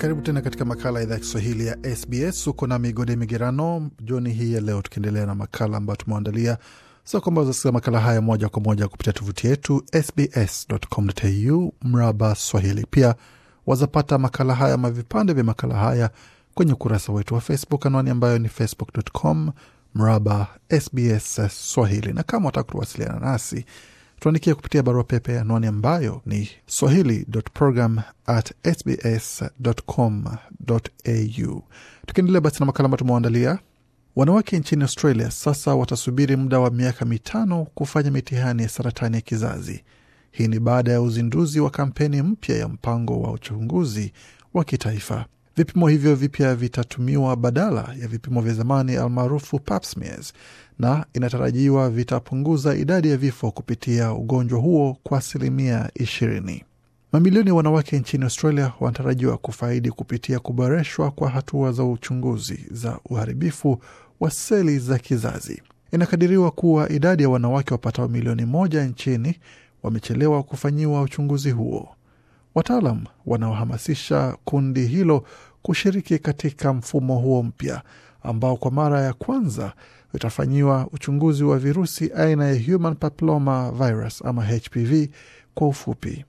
Karibu tena katika makala ya idhaa ya Kiswahili ya SBS. Uko na Migode Migerano jioni hii ya leo, tukiendelea na makala ambayo tumeandalia so kwamba uzasikia makala haya moja kwa moja kupitia tovuti yetu sbs.com.au mraba Swahili. Pia wazapata makala haya ama vipande vya makala haya kwenye ukurasa wetu wa Facebook, anwani ambayo ni facebook.com mraba SBS Swahili. Na kama wataka kuwasiliana nasi tuandikia kupitia barua pepe anwani ambayo ni swahili.program@sbs.com.au. Tukiendelea basi na makala ambayo tumewaandalia, wanawake nchini Australia sasa watasubiri muda wa miaka mitano kufanya mitihani ya saratani ya kizazi. Hii ni baada ya uzinduzi wa kampeni mpya ya mpango wa uchunguzi wa kitaifa. Vipimo hivyo vipya vitatumiwa badala ya vipimo vya zamani almaarufu pap smears, na inatarajiwa vitapunguza idadi ya vifo kupitia ugonjwa huo kwa asilimia ishirini. Mamilioni ya wanawake nchini Australia wanatarajiwa kufaidi kupitia kuboreshwa kwa hatua za uchunguzi za uharibifu wa seli za kizazi. Inakadiriwa kuwa idadi ya wanawake wapatao milioni moja nchini wamechelewa kufanyiwa uchunguzi huo wataalam wanaohamasisha kundi hilo kushiriki katika mfumo huo mpya ambao kwa mara ya kwanza utafanyiwa uchunguzi wa virusi aina ya human papilloma virus ama HPV kwa ufupi.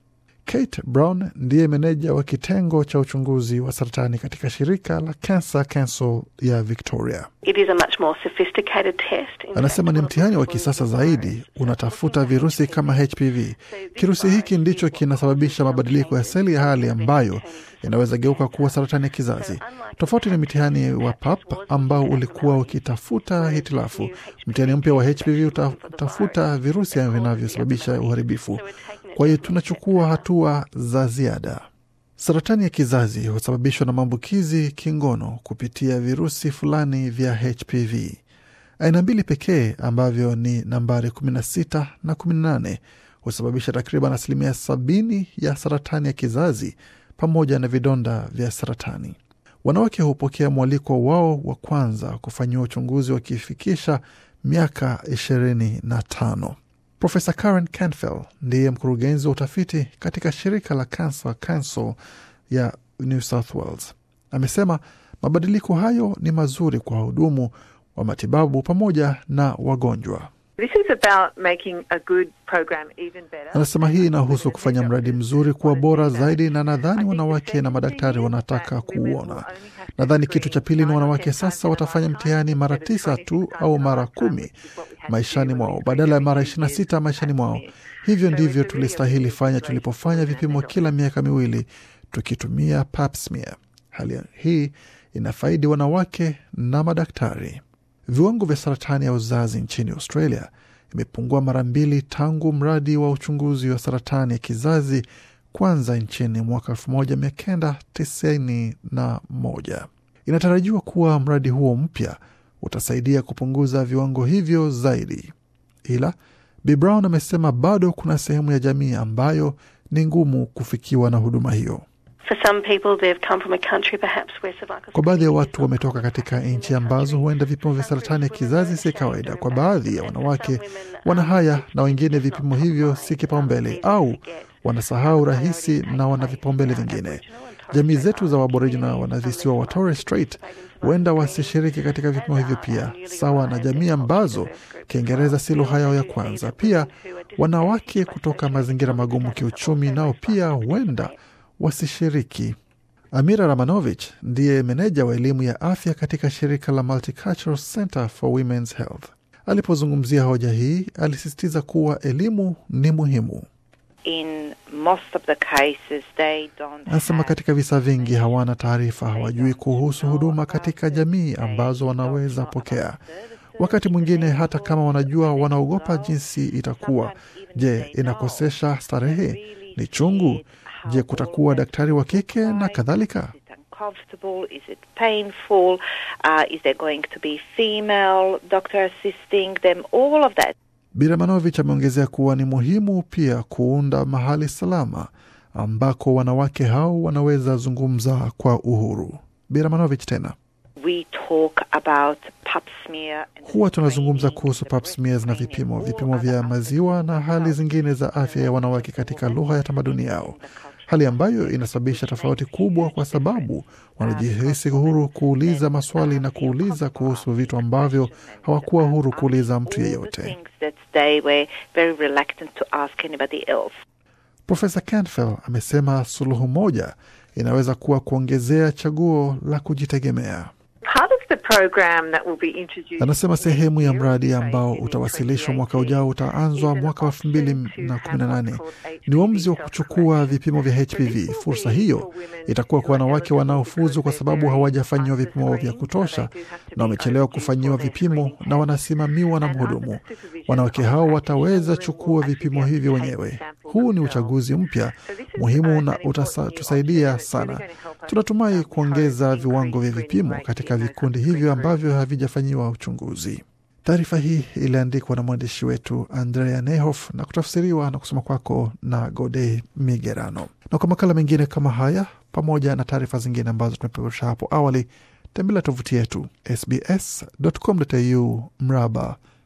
Kate Brown ndiye meneja wa kitengo cha uchunguzi wa saratani katika shirika la Cancer Council ya Victoria. It is a much more sophisticated test. Anasema ni mtihani wa kisasa zaidi, unatafuta virusi kama HPV. Kirusi hiki ndicho kinasababisha mabadiliko ya seli ya hali ambayo inaweza geuka kuwa saratani ya kizazi, tofauti na mtihani wa PAP ambao ulikuwa ukitafuta hitilafu. Mtihani mpya wa HPV utatafuta virusi vinavyosababisha uharibifu. Kwa hiyo tunachukua hatua za ziada. Saratani ya kizazi husababishwa na maambukizi kingono kupitia virusi fulani vya HPV, aina mbili pekee ambavyo ni nambari 16 na 18 husababisha takriban asilimia sabini ya saratani ya kizazi pamoja na vidonda vya saratani. Wanawake hupokea mwaliko wao wa kwanza kufanyiwa uchunguzi wakifikisha miaka 25. tano. Profesa Karen canfel ndiye mkurugenzi wa utafiti katika shirika la Cancer Council ya New South Wales. Amesema mabadiliko hayo ni mazuri kwa wahudumu wa matibabu pamoja na wagonjwa. Anasema hii inahusu kufanya mradi mzuri kuwa bora zaidi, na nadhani wanawake na madaktari wanataka kuuona. Nadhani kitu cha pili ni wanawake sasa watafanya mtihani mara tisa tu au mara kumi maishani mwao badala ya mara ishirini na sita maishani mwao. Hivyo ndivyo tulistahili fanya tulipofanya vipimo kila miaka miwili tukitumia pap smear. Hali hii inafaidi wanawake na madaktari. Viwango vya saratani ya uzazi nchini Australia imepungua mara mbili tangu mradi wa uchunguzi wa saratani ya kizazi kwanza nchini mwaka 1991. Inatarajiwa kuwa mradi huo mpya utasaidia kupunguza viwango hivyo zaidi, ila Bi Brown amesema bado kuna sehemu ya jamii ambayo ni ngumu kufikiwa na huduma hiyo. Kwa baadhi ya watu wametoka katika nchi ambazo huenda vipimo vya saratani ya kizazi si kawaida. Kwa baadhi ya wanawake wana haya na wengine, vipimo hivyo si kipaumbele au wanasahau rahisi na wana vipaumbele vingine. Jamii zetu za Waborijina wanavisiwa wa Torres Strait huenda wasishiriki katika vipimo hivyo pia, sawa na jamii ambazo Kiingereza si lugha yao ya kwanza. Pia wanawake kutoka mazingira magumu kiuchumi nao pia huenda wasishiriki. Amira Ramanovich ndiye meneja wa elimu ya afya katika shirika la Multicultural Center for Women's Health. Alipozungumzia hoja hii, alisisitiza kuwa elimu ni muhimu. Anasema katika visa vingi hawana taarifa, hawajui kuhusu huduma katika jamii ambazo wanaweza pokea. Wakati mwingine hata kama wanajua, wanaogopa jinsi itakuwa. Je, inakosesha starehe? Ni chungu? Je, kutakuwa daktari wa kike na kadhalika? Uh, biramanovich ameongezea kuwa ni muhimu pia kuunda mahali salama ambako wanawake hao wanaweza zungumza kwa uhuru. Biramanovich tena huwa tunazungumza kuhusu pap smears na vipimo vipimo vya maziwa na hali zingine za afya ya wanawake katika lugha ya tamaduni yao hali ambayo inasababisha tofauti kubwa, kwa sababu wanajihisi huru kuuliza maswali na kuuliza kuhusu vitu ambavyo hawakuwa huru kuuliza mtu yeyote. Profesa Canfield amesema suluhu moja inaweza kuwa kuongezea chaguo la kujitegemea. Anasema sehemu ya mradi ambao utawasilishwa mwaka ujao utaanzwa mwaka wa 2018 ni uamuzi wa kuchukua vipimo vya HPV. Fursa hiyo itakuwa kwa wanawake wanaofuzu kwa sababu hawajafanyiwa vipimo vya kutosha na wamechelewa kufanyiwa vipimo na wanasimamiwa na mhudumu. Wanawake hao wataweza chukua vipimo hivyo wenyewe. Huu ni uchaguzi mpya muhimu na utatusaidia sana. Tunatumai kuongeza viwango vya vipimo katika vikundi hivi hivyo ambavyo havijafanyiwa uchunguzi. Taarifa hii iliandikwa na mwandishi wetu Andrea Nehof na kutafsiriwa na kusoma kwako na Gode Migerano. Na kwa makala mengine kama haya pamoja na taarifa zingine ambazo tumepeperusha hapo awali, tembelea tovuti yetu sbs.com.au mraba